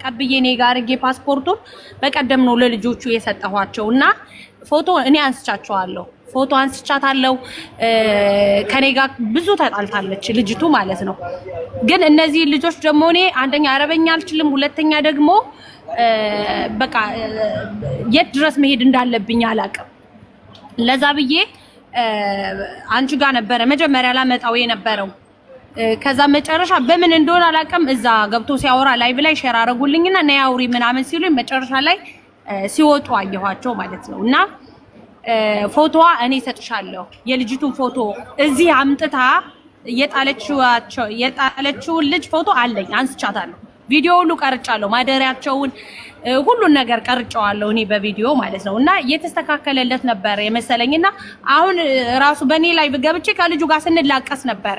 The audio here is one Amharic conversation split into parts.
ተቀብዬ እኔ ጋር አድርጌ ፓስፖርቱን በቀደም ነው ለልጆቹ የሰጠኋቸው እና ፎቶ እኔ አንስቻቸዋለሁ። ፎቶ አንስቻታለሁ። ከኔ ጋር ብዙ ተጣልታለች ልጅቱ ማለት ነው። ግን እነዚህ ልጆች ደግሞ እኔ አንደኛ አረበኛ አልችልም፣ ሁለተኛ ደግሞ በቃ የት ድረስ መሄድ እንዳለብኝ አላቅም። ለዛ ብዬ አንቺ ጋር ነበረ መጀመሪያ ላመጣው የነበረው ከዛ መጨረሻ በምን እንደሆነ አላውቅም። እዛ ገብቶ ሲያወራ ላይቭ ላይ ሼር አረጉልኝና ነይ አውሪ ምናምን ሲሉኝ መጨረሻ ላይ ሲወጡ አየኋቸው ማለት ነው። እና ፎቶዋ እኔ ሰጥሻለሁ የልጅቱን ፎቶ እዚህ አምጥታ የጣለችውን ልጅ ፎቶ አለኝ፣ አንስቻታለሁ። ቪዲዮ ሁሉ ቀርጫለሁ፣ ማደሪያቸውን ሁሉን ነገር ቀርጨዋለሁ እኔ በቪዲዮ ማለት ነው። እና እየተስተካከለለት ነበር የመሰለኝና አሁን ራሱ በእኔ ላይ ገብቼ ከልጁ ጋር ስንላቀስ ነበረ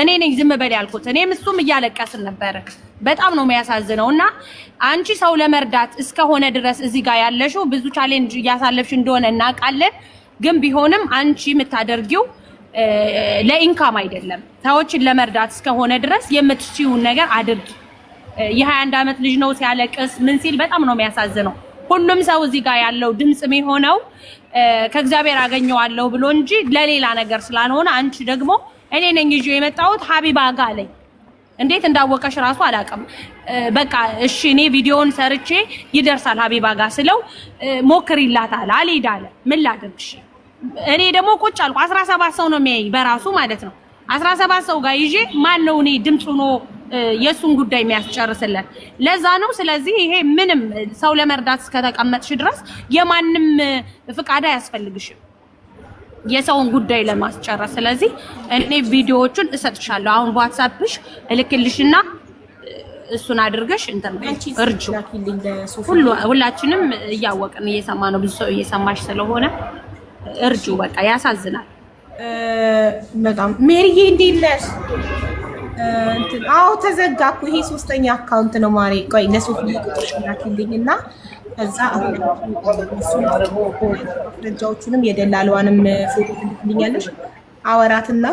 እኔ ነኝ ዝም በል ያልኩት። እኔም እሱም እያለቀስን ነበር። በጣም ነው የሚያሳዝነው። እና አንቺ ሰው ለመርዳት እስከሆነ ድረስ እዚህ ጋር ያለሽው ብዙ ቻሌንጅ እያሳለፍሽ እንደሆነ እናውቃለን። ግን ቢሆንም አንቺ የምታደርጊው ለኢንካም አይደለም፣ ሰዎችን ለመርዳት እስከሆነ ድረስ የምትችይውን ነገር አድርጊ። የ21 ዓመት ልጅ ነው ሲያለቅስ ምን ሲል በጣም ነው የሚያሳዝነው። ሁሉም ሰው እዚህ ጋር ያለው ድምፅ የሚሆነው ከእግዚአብሔር አገኘዋለሁ ብሎ እንጂ ለሌላ ነገር ስላልሆነ አንቺ ደግሞ እኔ ነኝ ይዤ የመጣሁት ሀቢባ ጋ ላይ እንዴት እንዳወቀሽ ራሱ አላውቅም። በቃ እሺ እኔ ቪዲዮውን ሰርቼ ይደርሳል ሀቢባ ጋ ስለው ሞክሪላታል፣ አልሄድ ምን ላድርግሽ? እኔ ደግሞ ቁጭ አልኩ። 17 ሰው ነው የሚያይ በራሱ ማለት ነው። 17 ሰው ጋር ይዤ ማን ነው እኔ ድምፅ ሆኖ የእሱን ጉዳይ የሚያስጨርስለን? ለዛ ነው። ስለዚህ ይሄ ምንም ሰው ለመርዳት እስከተቀመጥሽ ድረስ የማንም ፍቃድ አያስፈልግሽም። የሰውን ጉዳይ ለማስጨረስ። ስለዚህ እኔ ቪዲዮዎቹን እሰጥሻለሁ። አሁን ዋትሳፕሽ እልክልሽና እሱን አድርገሽ እንትን እርጁ። ሁሉ ሁላችንም እያወቅን እየሰማ ነው፣ ብዙ ሰው እየሰማሽ ስለሆነ እርጁ። በቃ ያሳዝናል በጣም ሜሪዬ፣ እንዴት ነሽ? አዎ ተዘጋ እኮ ይሄ ሶስተኛ አካውንት ነው ማሬ። ቆይ ለሶፊ ቁጥር ላክልኝ እና ከዛ መረጃዎቹንም የደላለዋንም ፎቶ ትልክልኛለሽ። አወራትና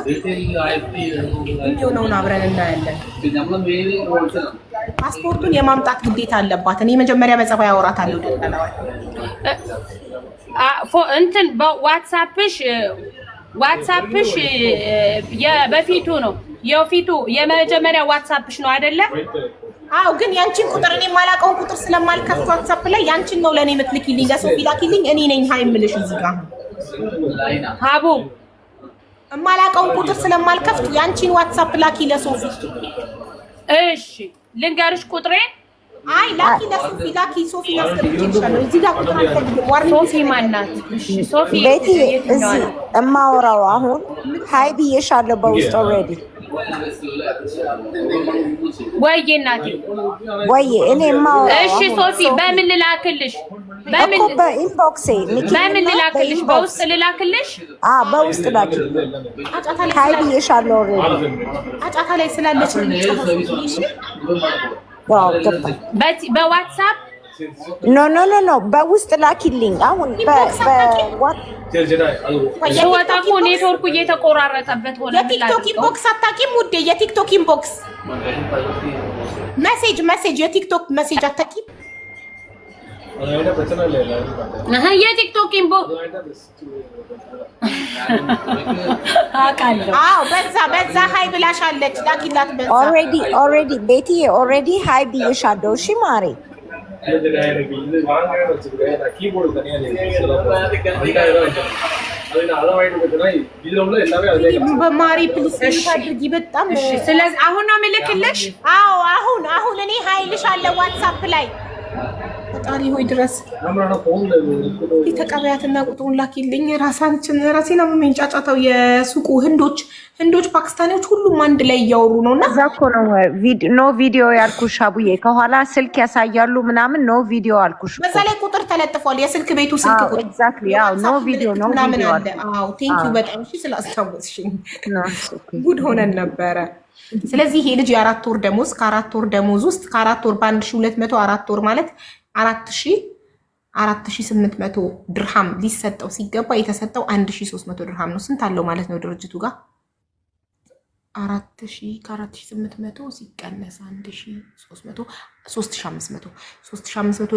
የሆነውን አብረን እናያለን። ፓስፖርቱን የማምጣት ግዴታ አለባት። እኔ መጀመሪያ በጸባይ አወራታለሁ። ደላለዋል እንትን ዋትሳፕሽ ዋትሳፕሽ የበፊቱ ነው የፊቱ የመጀመሪያ ዋትሳፕሽ ነው አይደለ? አው ግን ያንቺን ቁጥር እኔ የማላውቀውን ቁጥር ስለማልከፍት ዋትሳፕ ላይ ያንቺን ነው ለእኔ የምትልኪልኝ። ለሶፊ ላኪልኝ፣ እኔ ነኝ ሀይ የምልሽ እዚህ ጋር ሀቡ። የማላውቀውን ቁጥር ስለማልከፍት ያንቺን ዋትሳፕ ላኪ ለሶፊ። እሺ፣ ልንገርሽ ቁጥሬ አይ ላኪ ለሶፊ ላኪ። ሶፊ ያስቀምጥልሻለሁ። እዚህ ጋር ቁጥር አልፈልግም። ዋር ሶፊ ማናት? ሶፊ ቤቲ እዚህ እማወራው አሁን ሀይ ብዬሻለሁ በውስጥ ኦልሬዲ ወይዬ እናቴ ወይዬ እኔ የማወራው እሺ፣ ሶፊ በምን ልላክልሽ? በምን በኢንቦክሴ በምን ልላክልሽ? በውስጥ ልላክልሽ? አዎ በውስጥ ላኪ። ካይ ብዬሻለሁ። ኦልሬዲ አጫታ ላይ ስላለች ነው። በዋትሳፕ ኖ ኖ ኖ ኖ በውስጥ ላኪልኝ። አሁን ወጣ እኮ ኔትወርኩ እየተቆራረጠበት ሆነ። የቲክቶክ ኢንቦክስ አታውቂም ውዴ? የቲክቶክ ኢንቦክስ መሴጅ መሴጅ የቲክቶክ መሴጅ አታውቂም? የቲክቶክ ኢንቦክስ አዎ፣ በዛ በዛ ሀይ ብላሻለች። ላኪላት። ኦልሬዲ ኦልሬዲ ቤትዬ ኦልሬዲ ሀይ ብዬሻለሁ። እሺ ማሬ வாங்கன்னு በጣም ስለዚህ አሁን ነው የምልክልሽ። አዎ አሁን አሁን እኔ ሀይልሽ አለ ዋትሳፕ ላይ ፈጣሪ ሆይ ድረስ ተቀበያትና ቁጥሩን ላኪልኝ። ራሳችን ራሴ ነው የምንጫጫተው። የሱቁ ህንዶች ህንዶች፣ ፓኪስታኒዎች ሁሉም አንድ ላይ እያወሩ ነው። እና እዛ እኮ ነው ኖ ቪዲዮ ያልኩሽ አቡዬ። ከኋላ ስልክ ያሳያሉ ምናምን ኖ ቪዲዮ አልኩሽ። በዛ ላይ ቁጥር ተለጥፏል፣ የስልክ ቤቱ ስልክ ቁጥር ኖ ቪዲዮ ምናምን አለ። ቴንኪው በጣም ስላስታወስሽኝ፣ ጉድ ሆነን ነበረ። ስለዚህ ይሄ ልጅ የአራት ወር ደሞዝ ከአራት ወር ደሞዝ ውስጥ ከአራት ወር በአንድ ሺ ሁለት መቶ አራት ወር ማለት አራት መቶ ድርሃም ሊሰጠው ሲገባ የተሰጠው አንድ ድርሃም ነው። ስንት አለው ማለት ነው ድርጅቱ ጋር አራት ሺ ከአራት ሺ ስምንት መቶ ሲቀነስ አንድ ሺ ሶስት መቶ ሶስት ሺ አምስት መቶ ሶስት ሺ አምስት መቶ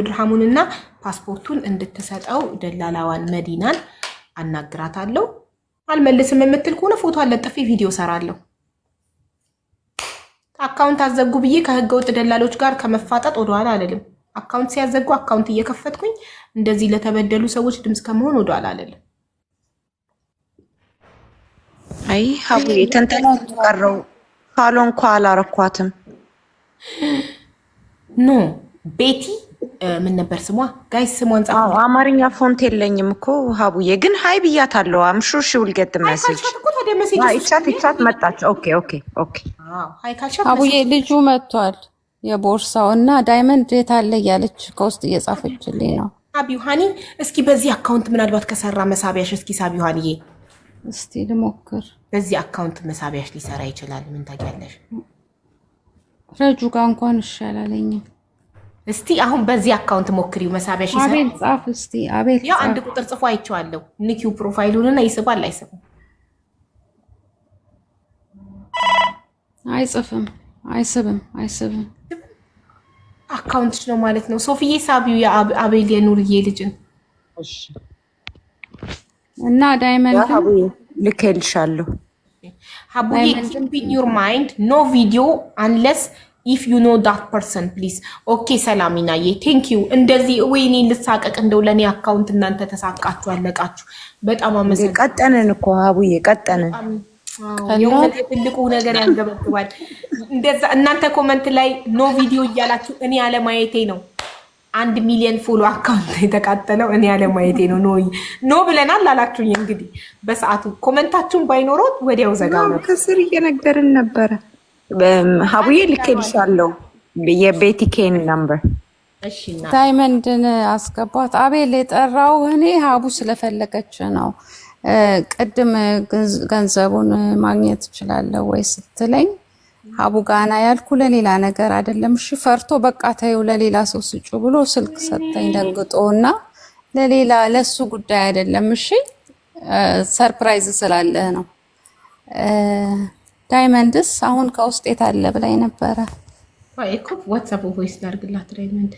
ፓስፖርቱን እንድትሰጠው ደላላዋን መዲናን አናግራታለሁ። አልመልስም የምትል ከሆነ ፎቶ ቪዲዮ ሰራለሁ። አካውንት አዘጉ ብዬ ከህገ ወጥ ደላሎች ጋር ከመፋጠጥ ወደኋላ አልልም። አካውንት ሲያዘጉ አካውንት እየከፈትኩኝ እንደዚህ ለተበደሉ ሰዎች ድምፅ ከመሆን ወደ ኋላ አልልም። አይ ሀቡ ተንተና ቀረው ካሎ እንኳ አላረኳትም። ኖ ቤቲ ምን ነበር ስሟ? ጋይ ስሟን ጻ አማርኛ ፎንት የለኝም እኮ ሀቡዬ፣ ግን ሀይ ብያት አለው አምሹ ሽውል ገት መሴጅ ቻት ይቻት መጣች። ኦኬ ኦኬ ኦኬ ሀቡዬ ልጁ መጥቷል። የቦርሳው እና ዳይመንድ የት አለ እያለች ከውስጥ እየጻፈችልኝ ነው። ሳቢ ሀኒ፣ እስኪ በዚህ አካውንት ምናልባት ከሰራ መሳቢያሽ፣ እስኪ ሳቢ ሀኒዬ፣ እስቲ ልሞክር። በዚህ አካውንት መሳቢያሽ ሊሰራ ይችላል። ምን ታውቂያለሽ? ረጁ ጋ እንኳን ይሻላለኝ። እስቲ አሁን በዚህ አካውንት ሞክሪው፣ መሳቢያሽ ይሰራል። አቤል ጻፍ እስቲ አቤል። ያው አንድ ቁጥር ጽፎ አይቼዋለሁ። ንኪው ፕሮፋይሉንና ይስባል አይስብም? አይጽፍም፣ አይስብም፣ አይስብም አካውንትሽ ነው ማለት ነው። ሶፍዬ ሳቢው የአቤል የኑርዬ ልጅን እና ዳይመንድ ልክልሻለሁ። ሀቡዬ ኪፕ ኢን ዩር ማይንድ ኖ ቪዲዮ አንለስ ኢፍ ዩ ኖ ዳት ፐርሰን ፕሊዝ። ኦኬ ሰላሚናዬ ቴንክ ዩ። እንደዚህ ወይኔ ልሳቀቅ እንደው ለእኔ አካውንት እናንተ ተሳቃችሁ አለቃችሁ። በጣም አመሰግናለሁ። ቀጠንን እኮ ሀቡዬ ቀጠንን። የሆነ ትልቁ ነገር ያንገበግባል። እንደዛ እናንተ ኮመንት ላይ ኖ ቪዲዮ እያላችሁ እኔ አለማየቴ ነው አንድ ሚሊዮን ፎሎ አካውንት የተቃጠለው እኔ አለማየቴ ነው። ኖ ኖ ብለናል አላችሁኝ። እንግዲህ በሰዓቱ ኮመንታችሁን ባይኖረው ወዲያው ዘጋ ነው። ከስር እየነገርን ነበረ። ሀቡዬ ልኬልሻለሁ የቤቲኬን ነምበር ዳይመንድን አስገባት። አቤል የጠራው እኔ ሀቡ ስለፈለገች ነው። ቅድም ገንዘቡን ማግኘት እችላለሁ ወይ ስትለኝ አቡጋና ያልኩ ለሌላ ነገር አይደለም። እሺ ፈርቶ በቃ ተይው ለሌላ ሰው ስጩ ብሎ ስልክ ሰጠኝ ደንግጦ እና ለሌላ ለሱ ጉዳይ አይደለም። እሺ ሰርፕራይዝ ስላለህ ነው። ዳይመንድስ አሁን ከውስጥ የት አለ ብላኝ ነበረ። ዋትሳፕ ቮይስ ላድርግላት ዳይመንድ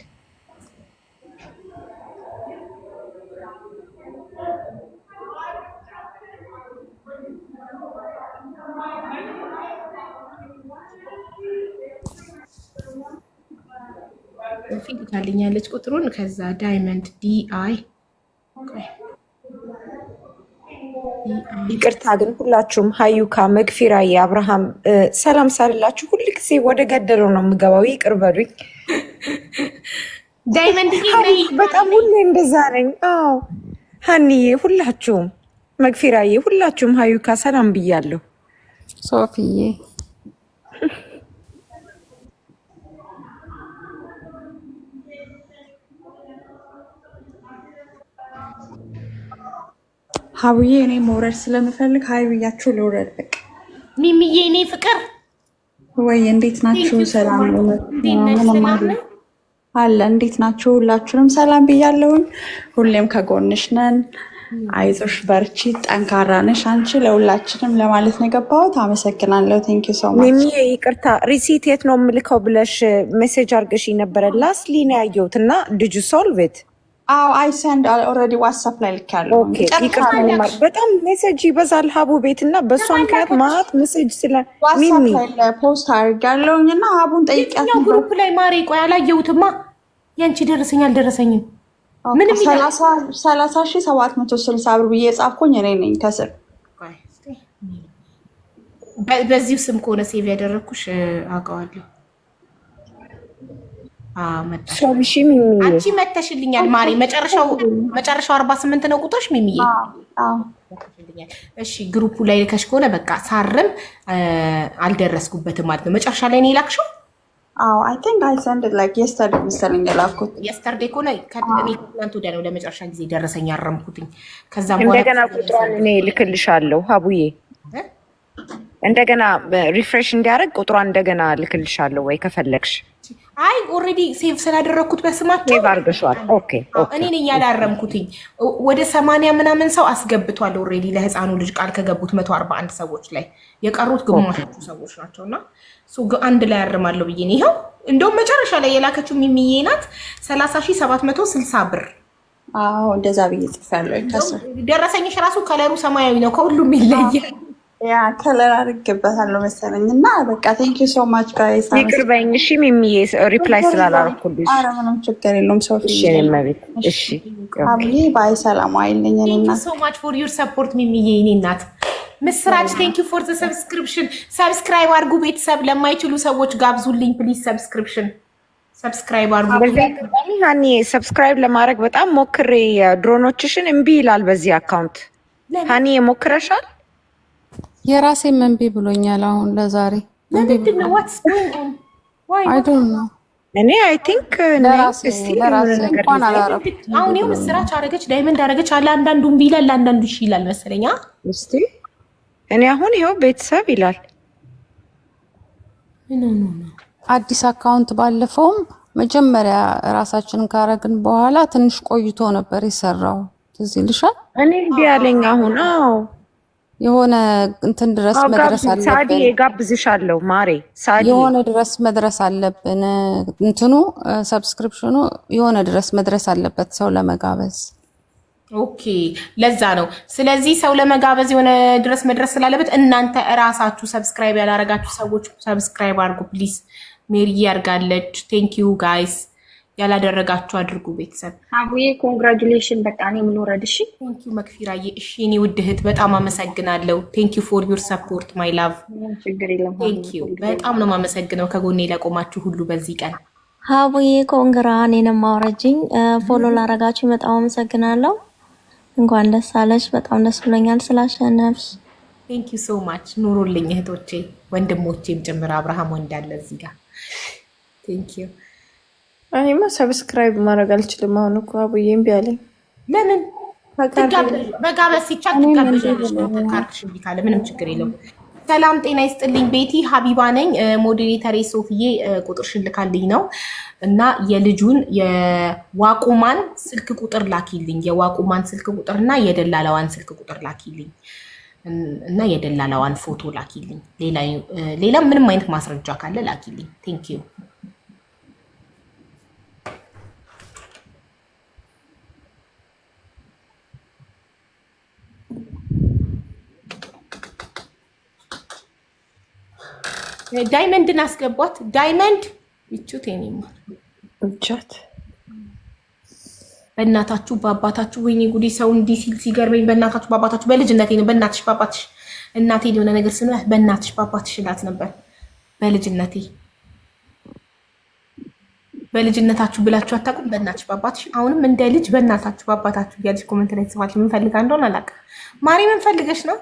ፊል ታልኛለች ቁጥሩን ከዛ ዳይመንድ ዲአይ ይቅርታ ግን ሁላችሁም ሀዩካ መግፊራዬ አብርሃም ሰላም ሳልላችሁ ሁል ጊዜ ወደ ገደለው ነው የምገባው። ይቅር በሉኝ። ዳይመንድ በጣም ሁሌ እንደዛ ነኝ። አዎ ሀኒዬ፣ ሁላችሁም መግፊራዬ፣ ሁላችሁም ሀዩካ ሰላም ብያለሁ። ሶፊዬ ሀብዬ እኔ መውረድ ስለምፈልግ ሀይ ብያችሁ ልውረድ። በቃ ሚሚዬ እኔ ፍቅር ወይ እንዴት ናችሁ? ሰላም አለ። እንዴት ናችሁ? ሁላችሁንም ሰላም ብያለሁኝ። ሁሌም ከጎንሽ ነን። አይዞሽ፣ በርቺ፣ ጠንካራ ነሽ አንቺ ለሁላችንም ለማለት ነው የገባሁት። አመሰግናለሁ። ቴንኪ ሶ ማች። ይቅርታ ሪሲት የት ነው የምልከው ብለሽ ሜሴጅ አርገሽ ነበረ ላስሊን ያየሁት እና ድጁ ሶልቬት አዎ አይ ሰንድ ኦልሬዲ ዋትሳፕ ላይ ልኬያለሁ። በጣም ሜሴጅ ይበዛል ሀቡ ቤት እና በእሷ ምክንያት ማት ሜሴጅ ስለ ዋትሳፕ ላይ ፖስት አድርጌያለሁኝ እና ሀቡን ጠይቂያት ግሩፕ ላይ ማሬ። ቆይ አላየሁትማ። ያንቺ ደረሰኝ አልደረሰኝም። ምንም ሰላሳ ሺህ ሰባት መቶ ስልሳ ብር ብዬ የጻፍኩኝ እኔ ነኝ ከስር በዚሁ ስም ከሆነ ሴቭ ያደረግኩሽ አውቀዋለሁ። አንቺ መተሽልኛል ማሪ። መጨረሻው አርባ ስምንት ነው ሚሚዬ። እሺ ግሩፑ ላይ ልከሽ ከሆነ በቃ ሳርም አልደረስኩበትም ማለት ነው። መጨረሻ ላይ ነው የላክሽው? አይ ቲንክ አይ ሰንድ ላይክ የስተርዴ መሰለኝ የላኩት። የስተርዴ ከሆነ ከትናንት ወዲያ ነው ለመጨረሻ ጊዜ ደረሰኝ ያረምኩትኝ። እንደገና ቁጥሯን እኔ ልክልሻለሁ ሀቡዬ እንደገና ሪፍሬሽ እንዲያደርግ ቁጥሯን እንደገና ወይ ከፈለግሽ አይ ኦልሬዲ ሴቭ ስላደረግኩት በስማቸው አርገሸዋል። ኦኬ እኔ ነኝ ያላረምኩትኝ። ወደ ሰማንያ ምናምን ሰው አስገብቷል ኦልሬዲ ለህፃኑ ልጅ ቃል ከገቡት መቶ አርባ አንድ ሰዎች ላይ የቀሩት ግማሾቹ ሰዎች ናቸው። እና አንድ ላይ ያርማለሁ ብዬ ይኸው እንደውም መጨረሻ ላይ የላከችው ሚሚዬ ናት። ሰላሳ ሺህ ሰባት መቶ ስልሳ ብር እንደዛ ብዬ ጽፌያለሁ። ደረሰኝሽ ራሱ ከለሩ ሰማያዊ ነው ከሁሉም ይለያል። ያ ከለር አድርጌበታለሁ መሰለኝ እና በቃ ቴንክ ዩ ሶ ማች ጋይስ። ይቅር በይኝ እሺ፣ ሚሚዬ ሪፕላይ ስላላረኩልሽ። ኧረ ምንም ችግር የለውም ሶፊ። እሺ እሺ ባይ፣ ሰላም አይልኝ ሶ ማች ፎር ዩር ሰፖርት ሚሚዬ፣ እኔ እናት ምስራች። ቴንክ ዩ ፎር ዘ ሰብስክሪፕሽን። ሰብስክራይብ አድርጉ ቤተሰብ፣ ለማይችሉ ሰዎች ጋብዙልኝ ፕሊዝ። ሰብስክሪፕሽን ሰብስክራይብ አድርጉ። ሀኒ ሰብስክራይብ ለማድረግ በጣም ሞክሬ ድሮኖችሽን እምቢ ይላል በዚህ አካውንት። ሀኒ ሞክረሻል? የራሴ መንቢ ብሎኛል። አሁን ለዛሬ እኔ አይ ቲንክ እንኳን አላረኩት። አሁን ይኸው ምስራች አረገች፣ ዳይመንድ አረገች። ለአንዳንዱ እምቢ ይላል፣ ለአንዳንዱ እሺ ይላል መሰለኝ። እስኪ እኔ አሁን ይኸው ቤተሰብ ይላል አዲስ አካውንት ባለፈውም መጀመሪያ ራሳችንን ካረግን በኋላ ትንሽ ቆይቶ ነበር የሰራው። ትዝ ይልሻል። እኔ እምቢ አለኝ አሁን አዎ የሆነ እንትን ድረስ መድረስ አለብን። ሳዲ የጋብዝሻለሁ ማሬ ሳዲ የሆነ ድረስ መድረስ አለብን። እንትኑ ሰብስክሪፕሽኑ የሆነ ድረስ መድረስ አለበት ሰው ለመጋበዝ። ኦኬ ለዛ ነው። ስለዚህ ሰው ለመጋበዝ የሆነ ድረስ መድረስ ስላለበት እናንተ እራሳችሁ ሰብስክራይብ ያላረጋችሁ ሰዎች ሰብስክራይብ አድርጉ ፕሊዝ። ሜሪ ያርጋለች። ቴንኪዩ ጋይስ ያላደረጋችሁ አድርጉ። ቤተሰብ አቡዬ ኮንግራጁሌሽን። በቃ እኔ ምን ወረድ። እሺ ቴንኪው መክፊራዬ። እሺ እኔ ውድ እህት በጣም አመሰግናለሁ። ቴንኪው ፎር ዩር ሰፖርት ማይ ላቭ። በጣም ነው የማመሰግነው ከጎኔ ለቆማችሁ ሁሉ በዚህ ቀን። አቡዬ ኮንግራ፣ እኔንም ማውረጅኝ ፎሎ ላረጋችሁ በጣም አመሰግናለሁ። እንኳን ደስ አለሽ። በጣም ደስ ብሎኛል ስላሸነፍሽ። ቴንኪው ሶ ማች። ኑሩልኝ እህቶቼ ወንድሞቼም ጭምር አብርሃም ወንዳለ እዚህ ጋር ቴንኪው እኔማ ሰብስክራይብ ማድረግ አልችልም። አሁን እኮ አቡዬ እምቢ አለኝ። ለምን በጋበዝ ሲቻል ትጋበዣለሽ። ካለ ምንም ችግር የለው። ሰላም ጤና ይስጥልኝ። ቤቲ ሀቢባ ነኝ። ሞዴሬተሬ ሶፍዬ ቁጥር ሽልካልኝ ነው እና የልጁን የዋቁማን ስልክ ቁጥር ላኪልኝ። የዋቁማን ስልክ ቁጥር እና የደላላዋን ስልክ ቁጥር ላኪልኝ እና የደላላዋን ፎቶ ላኪልኝ። ሌላ ምንም አይነት ማስረጃ ካለ ላኪልኝ። ቴንክ ዩ ዳይመንድን አስገቧት። ዳይመንድ ይቹት የኔማር እቻት በእናታችሁ በአባታችሁ ወይኔ ጉዴ! ሰው እንዲህ ሲል ሲገርመኝ። በእናታችሁ በአባታችሁ በልጅነቴ ነው። በእናትሽ በአባትሽ እናቴ የሆነ ነገር ስንላት በእናትሽ በአባትሽ እላት ነበር። በልጅነቴ በልጅነታችሁ ብላችሁ አታውቁም። በእናትሽ በአባትሽ አሁንም እንደ ልጅ በእናታችሁ በአባታችሁ እያለች ኮመንት ላይ ጽፋችሁ ምን ፈልጋ እንደሆነ አላውቅም። ማሪ ምን ፈልገሽ ነው?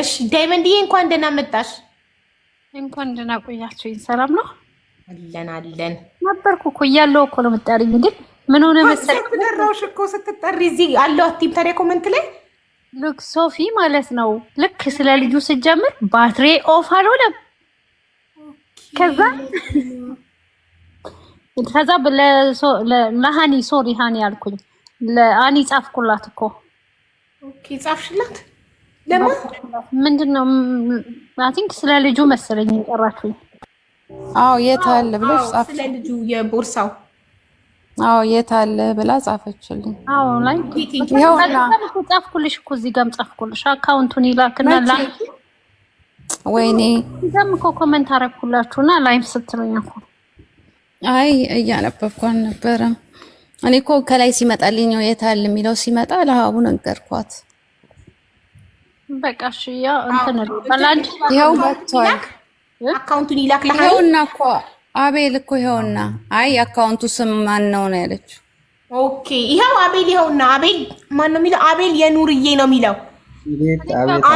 እሺ ዳይመንድዬ፣ እንኳን ደህና መጣሽ። እንኳን ደህና ቆያችሁኝ። ሰላም ነው አለን አለን ነበርኩ እኮ እያለሁ እኮ ነው የምጠሪኝ። ግን ምን ሆነ መሰለኝ ተደራውሽ እኮ ስትጠሪ እዚህ አለው አትይም። ታዲያ ኮመንት ላይ ልክ ሶፊ ማለት ነው ልክ ስለ ልጁ ስጀምር ባትሪ ኦፍ አልሆነም። ከዛ ከዛ ለሀኒ ሶሪ ሃኒ አልኩኝ ለአኒ ጻፍኩላት እኮ ጻፍሽላት ምንድን ነው አይ ቲንክ ስለ ልጁ መሰለኝ የጠራችሁኝ። አዎ የት አለ ብለሽ ስለ ልጁ የቦርሳው አዎ የት አለ ብላ ጻፈችልኝ። አዎ ላይ ጻፍኩልሽ እኮ እዚህ ጋርም ጻፍኩልሽ። አካውንቱን ይላክና ወይኔ እኮ ኮመንት አረኩላችሁና ላይም ስትለኝ እኮ አይ እያነበብኩ አልነበረም። እኔ እኮ ከላይ ሲመጣልኝ ነው የት አለ የሚለው ሲመጣ ለሀቡ ነገርኳት። በቃ እሺ፣ አካውንቱን ይላክልሃል። ይኸውና እኮ አቤል እኮ ይኸውና። አይ አካውንቱ ስም ማን ነው ነው ያለችው። ኦኬ፣ ይኸው አቤል፣ ይኸውና አቤል ማን ነው የሚለው? አቤል የኑርዬ ነው የሚለው።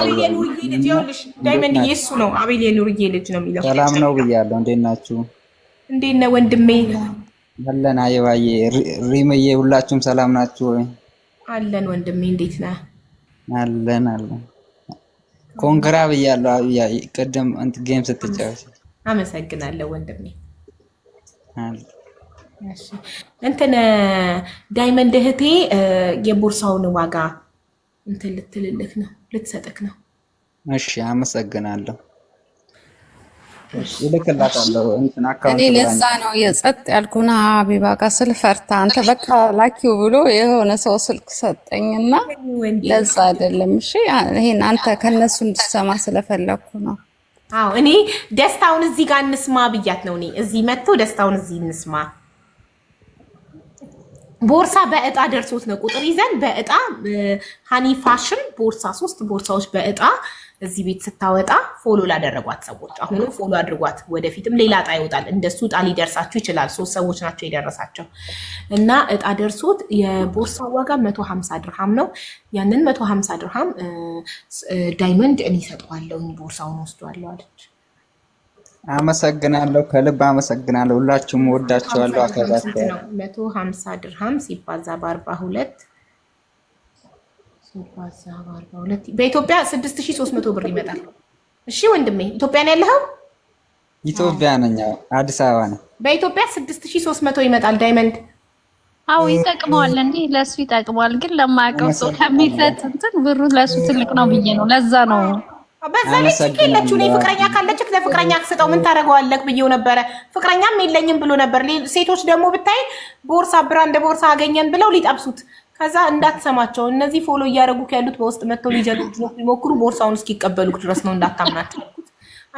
አቤል የኑርዬ ልጅ ይኸውልሽ፣ ዳይመንድ ነው። አቤል የኑርዬ ልጅ ነው የሚለው። ሰላም ነው ብያለሁ። እንዴት ናችሁ? እንዴት ነህ ወንድሜ? አለን አየባዬ፣ ሪምዬ፣ ሁላችሁም ሰላም ናችሁ ወይ? አለን ወንድሜ፣ እንዴት ነህ? አለን አለን ኮንክራ ብያለሁ። ቅድም ጌም ስትጫወት አመሰግናለሁ ወንድሜ። እንትን ዳይመንድ እህቴ የቦርሳውን ዋጋ እንትን ልትልልክ ነው ልትሰጥክ ነው። እሺ አመሰግናለሁ። እልክላታለሁ። እኔ ለዛ ነው የጸጥ ያልኩና ሀቢባ ጋር ስል ፈርታ አንተ በቃ ላኪው ብሎ የሆነ ሰው ስልክ ሰጠኝና ለዛ አይደለም። እሺ ይሄን አንተ ከነሱ እንድሰማ ስለፈለግኩ ነው። አዎ እኔ ደስታውን እዚህ ጋር እንስማ ብያት ነው። እኔ እዚህ መጥቶ ደስታውን እዚህ እንስማ። ቦርሳ በእጣ ደርሶት ነው ቁጥር ይዘን በእጣ ሃኒ ፋሽን ቦርሳ ሶስት ቦርሳዎች በእጣ እዚህ ቤት ስታወጣ ፎሎ ላደረጓት ሰዎች አሁንም ፎሎ አድርጓት። ወደፊትም ሌላ እጣ ይወጣል። እንደሱ እጣ ሊደርሳችሁ ይችላል። ሶስት ሰዎች ናቸው የደረሳቸው እና እጣ ደርሶት የቦርሳ ዋጋ መቶ ሀምሳ ድርሃም ነው። ያንን መቶ ሀምሳ ድርሃም ዳይመንድ እኔ እሰጠዋለሁ ቦርሳውን ወስዷለሁ አለች። አመሰግናለሁ፣ ከልብ አመሰግናለሁ። ሁላችሁም ወዳቸዋለሁ፣ አከብራቸዋለሁ። መቶ ሀምሳ ድርሃም ሲባዛ በአርባ ሁለት በኢትዮጵያ ስድስት ሺህ ሦስት መቶ ብር ይመጣል። እሺ ወንድሜ ኢትዮጵያ ነው ያለኸው? ኢትዮጵያ ነኝ፣ አዲስ አበባ ነው። በኢትዮጵያ ስድስት ሺህ ሦስት መቶ ይመጣል ዳይመንድ። አዎ ይጠቅመዋል፣ እንዲህ ለእሱ ይጠቅመዋል። ግን ለማያውቀው ሰው ከሚሰጥ እንትን ብሩ ለእሱ ትልቅ ነው ብዬ ነው። ለዛ ነው በዛ ላይ ችግር የለችው። እኔ ፍቅረኛ ካለች ለፍቅረኛ ስጠው፣ ምን ታደርገዋለህ ብዬው ነበረ። ፍቅረኛም የለኝም ብሎ ነበር። ሴቶች ደግሞ ብታይ ቦርሳ ብራንድ ቦርሳ አገኘን ብለው ሊጠብሱት ከዛ እንዳትሰማቸው እነዚህ ፎሎ እያደረጉ ያሉት በውስጥ መጥተው ሊጀሉ ሊሞክሩ ቦርሳውን እስኪቀበሉት ድረስ ነው እንዳታምናቸው።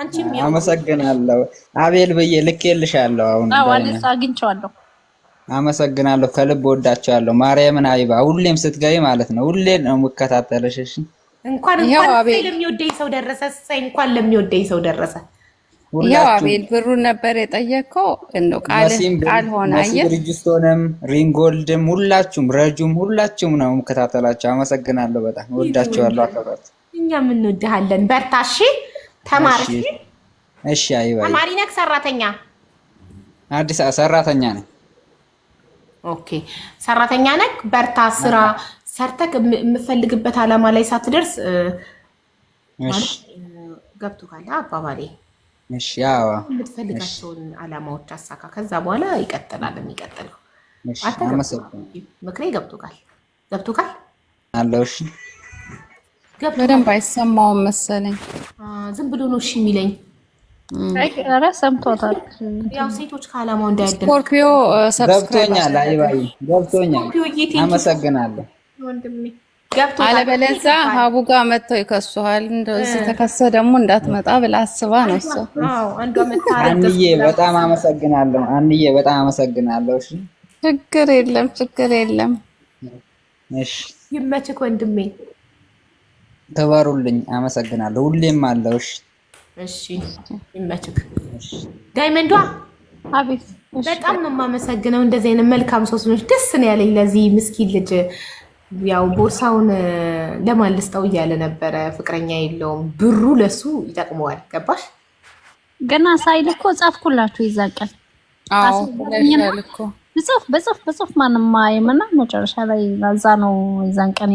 አንቺም አመሰግናለሁ አቤል ብዬ ልኬልሻለሁ። አሁን አግኝቼዋለሁ። አመሰግናለሁ። ከልብ ወዳቸዋለሁ። ማርያምን አይባ ሁሌም ስትገቢ ማለት ነው ሁሌ ነው የምከታተልሽ። እንኳን እንኳን ለሚወደኝ ሰው ደረሰ። እንኳን ለሚወደኝ ሰው ደረሰ። ያው አቤል ብሩ ነበር የጠየቀው። እንደው ቃል ቃል ሆነ። አየህ ሪጅስቶንም ሪንጎልድም ሁላችሁም ረጁም ሁላችሁም ነው የምከታተላቸው። አመሰግናለሁ። በጣም ወዳችኋለሁ። አከበር እኛም እንወድሃለን። በርታሺ፣ ተማሪ። እሺ፣ አይባ ተማሪ ነክ ሰራተኛ፣ አዲስ ሰራተኛ ነኝ። ኦኬ፣ ሰራተኛ ነክ። በርታ፣ ስራ ሰርተክ የምፈልግበት አላማ ላይ ሳትደርስ ገብቶሃል አባባሌ የምትፈልጋቸውን አላማዎች አሳካ። ከዛ በኋላ ይቀጥላል የሚቀጥለው። ምክሬ ገብቶካል? ገብቶካል አለው። በደንብ አይሰማውም መሰለኝ። ዝም ብሎ ነው እሺ የሚለኝ። ኧረ ሰምቶታል። ያው ሴቶች ከአላማው እንዳያደ ስኮርፒዮ ገብቶኛል። አይ ገብቶኛል። አመሰግናለሁ ወንድሜ። አለበለዚያ ሀቡ ጋር መጥተው ይከሱሃል። እንደዚህ ተከሰ ደግሞ እንዳትመጣ ብላ አስባ ነው በጣም አመሰግናለሁ። በጣም አመሰግናለሁ። እሺ፣ ችግር የለም፣ ችግር የለም። እሺ፣ ይመችክ ወንድሜ። ተባሩልኝ። አመሰግናለሁ። ሁሌም አለው። እሺ፣ እሺ፣ ይመችክ። ዳይመንዷ አቤት፣ በጣም ነው የማመሰግነው። እንደዚህ አይነት መልካም ሰው ስለሆነች ደስ ነው ያለኝ ለዚህ ምስኪን ልጅ ያው ቦርሳውን ለማልስጠው እያለ ነበረ። ፍቅረኛ የለውም ብሩ ለሱ ይጠቅመዋል። ገባሽ? ገና ሳይል እኮ ጻፍኩላችሁ ይዛ ቀን ጽፍ በጽፍ ማንም አይምና መጨረሻ ላይ ዛ ነው የዛን ቀን